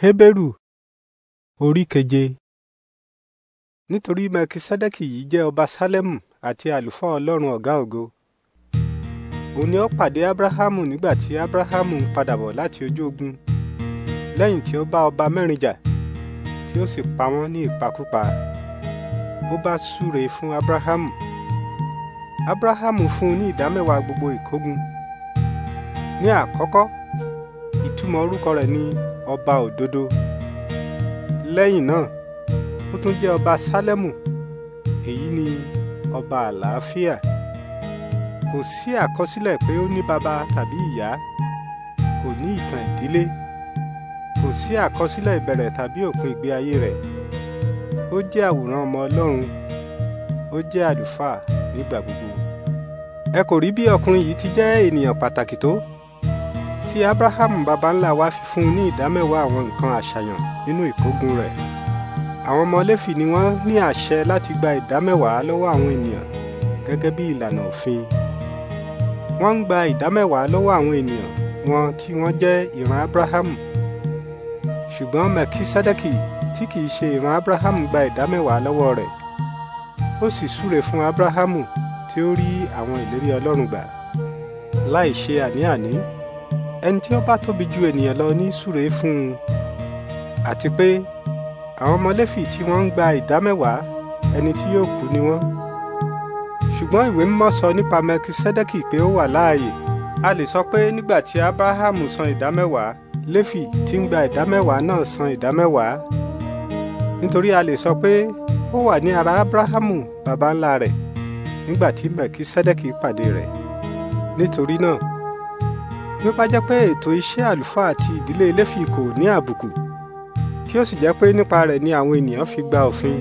Heberu, orí keje nítorí mẹkisédẹ́kì yìí jẹ́ ọba sálẹ́mù àti àlùfáà ọlọ́run ọ̀gá ògo òun ni ó pàdé abrahamu nígbà tí abrahamu ń padà bọ̀ láti ojú ogun lẹ́yìn tí ó bá ọba mẹ́rin jà tí ó sì pa wọ́n ní ìpakúpa ó bá súre fún abrahamu abrahamu fún un ní ìdámẹ́wàá gbogbo ìkógun ní àkọ́kọ́ ìtumọ̀ orúkọ rẹ̀ ni ọba òdodo lẹ́yìn náà ó tún jẹ́ ọba sálẹ́mù èyí ni ọba àlàáfíà kò sí àkọsílẹ̀ pé ó ní baba tàbí ìyá kò ní ìtàn ìdílé kò sí àkọsílẹ̀ ìbẹ̀rẹ̀ tàbí òpin ìgbé ayé rẹ̀ ó jẹ́ àwòrán ọmọ ọlọ́run ó jẹ́ àlùfáà nígbà gbogbo ẹ kò rí bí ọkùnrin yìí ti jẹ́ ènìyàn pàtàkì tó tí abraham baba ńlá wa fi fún un ní ìdámẹ́wàá àwọn nǹkan àṣàyàn nínú ìkógun rẹ̀ àwọn ọmọ léfì ni wọ́n ní àṣẹ láti gba ìdámẹ́wàá lọ́wọ́ àwọn ènìyàn gẹ́gẹ́ bí ìlànà òfin wọ́n ń gba ìdámẹ́wàá lọ́wọ́ àwọn ènìyàn wọn tí wọ́n jẹ́ ìran abraham ṣùgbọ́n mẹkisadẹ́kì tí kìí ṣe ìran abraham gba ìdámẹ́wàá lọ́wọ́ rẹ̀ ó sì súre fún abrahamu tí ó rí àwọn ìlérí ọlọ́run gbà láì ṣe àní-àní ẹni tí ó bá tóbi ju ènìyàn lọ ní súre fún un àti pé àwọn ọmọ tí wọ́n ń gba ìdámẹ́wàá ẹni tí yóò kú ni wọ́n ṣùgbọ́n ìwé mímọ́ sọ nípa Mẹkiṣẹ́dẹ́kì pé ó wà láàyè a lè sọ pé nígbà tí Ábúráhámù san ìdámẹ́wàá Léfì tí ń gba ìdámẹ́wàá náà san ìdámẹ́wàá nítorí a lè sọ pé ó wà ní ara abrahamu baba ńlá rẹ̀ nígbà tí Mẹkiṣẹ́dẹ́kì pàdé rẹ̀ nítorí náà bí ó bá jẹ́ pé ètò iṣẹ́ àlùfáà àti ìdílé Léfì kò ní àbùkù kí ó sì jẹ́ pé nípa rẹ̀ ni àwọn ènìyàn fi gba òfin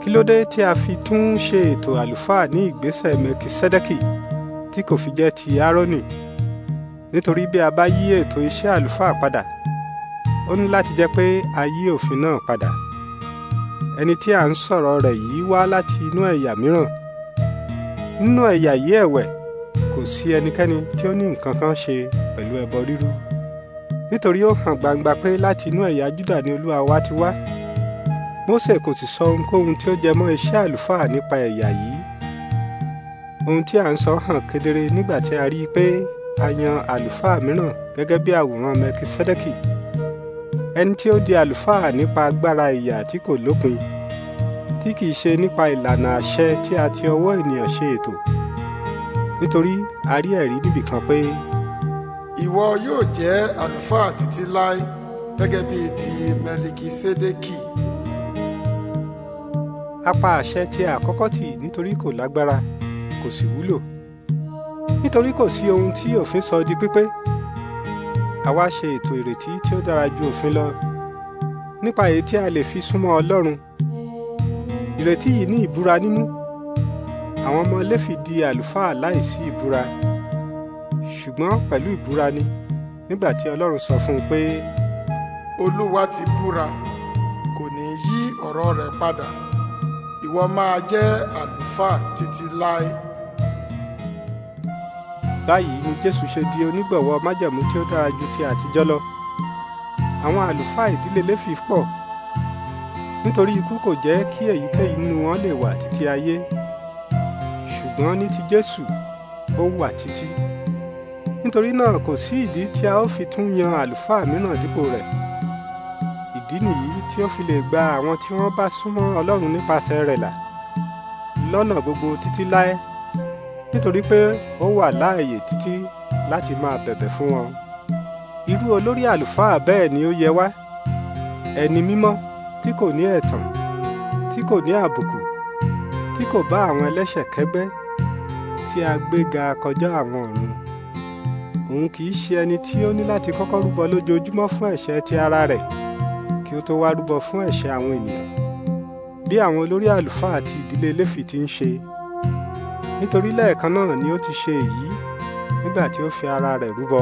kí ló dé tí a fi tún ṣe ètò àlùfáà ní ìgbésẹ̀ Mẹkiṣẹ́dẹ́kì tí kò fi jẹ́ ti Árónì nítorí bí a bá yí ètò iṣẹ́ àlùfáà padà ó ní láti jẹ́ pé a yí òfin náà padà ẹni tí a ń sọ̀rọ̀ rẹ̀ yìí wá láti inú ẹ̀yà mìíràn nínú ẹ̀yà yìí ẹ̀wẹ̀ kò sí ẹnikẹ́ni tí ó ní nǹkan kan ṣe pẹ̀lú ẹbọ rírú nítorí ó hàn gbangba pé láti inú ẹ̀yà Júdà ni Olúwa wa ti wá Mósè kò sì sọ ohunkóhun tí ó jẹ mọ́ iṣẹ́ àlùfáà nípa ẹ̀yà yìí ohun tí à ń sọ hàn kedere nígbà tí a rí i pé a yan àlùfáà mìíràn gẹ́gẹ́ bí àwòrán Mẹkiṣẹ́dẹ́kì ẹni tí ó di àlùfáà nípa agbára ìyà tí kò lópin tí kìí ṣe nípa ìlànà àṣẹ tí a ti ọwọ́ ènìyàn ṣe ètò nítorí a rí ẹ̀rí níbì kan pé. ìwọ yóò jẹ́ àlùfáà títí láé gẹ́gẹ́ bí ti mẹlikisédékì. a pa àṣẹ tí a kọ́kọ́ tì nítorí kò lágbára kò sì wúlò nítorí kò sí ohun tí òfin sọ di pípé àwa ṣe ètò ìrètí tí ó dára ju òfin lọ nípa èyí tí a lè fi súnmọ́ Ọlọ́run ìrètí yìí ní ìbúra nínú àwọn ọmọ Léfì di àlùfáà láìsí ìbúra ṣùgbọ́n pẹ̀lú ìbúra ni nígbà tí Ọlọ́run sọ fún un pé. Olúwa ti búra kò ní yí ọ̀rọ̀ rẹ̀ padà ìwọ máa jẹ́ àlùfáà títí láé. Báyìí ni Jésù ṣe di onígbọ̀wọ́ májẹ̀mú tí ó dára ju ti àtijọ́ lọ àwọn àlùfáà ìdílé Léfì pọ̀ nítorí ikú kò jẹ́ kí èyíkéyìí nínú wọn lè wà títí ayé ṣùgbọ́n ní ti Jésù ó wà títí nítorí náà kò sí ìdí tí a ó fi tún yan àlùfáà mìíràn dípò rẹ̀ ìdí nìyí tí ó fi lè gba àwọn tí wọ́n bá súnmọ́ Ọlọ́run nípasẹ̀ rẹ̀ là lọ́nà gbogbo títí láé nítorí pé ó wà láàyè títí láti máa bẹ̀bẹ̀ fún wọn irú olórí àlùfáà bẹ́ẹ̀ ni ó yẹ wá ẹni mímọ́ tí kò ní ẹ̀tàn tí kò ní àbùkù tí kò bá àwọn ẹlẹ́ṣẹ̀ kẹ́gbẹ́ tí a gbé ga kọjá àwọn ọ̀run òun kì í ṣe ẹni tí ó ní láti kọ́kọ́ rúbọ lójoojúmọ́ fún ẹ̀ṣẹ̀ ti ara rẹ̀ kí ó tó wá rúbọ fún ẹ̀ṣẹ̀ àwọn ènìyàn bí àwọn olórí àlùfáà àti ìdílé Léfì ti ń ṣe nítorí lẹ́ẹ̀kan náà ni ó ti ṣe èyí nígbà tí ó fi ara rẹ̀ rúbọ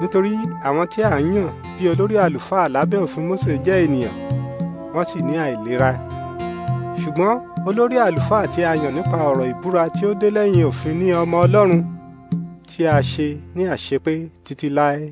nítorí àwọn tí a yàn bí olórí àlùfáà lábẹ́ òfin Mósè jẹ́ ènìyàn wọ́n sì ní àìlera ṣùgbọ́n olórí àlùfáà tí a yàn nípa ọ̀rọ̀ ìbúra tí ó dé lẹ́yìn òfin ní ọmọ Ọlọ́run tí a ṣe ní àṣepé títí láé.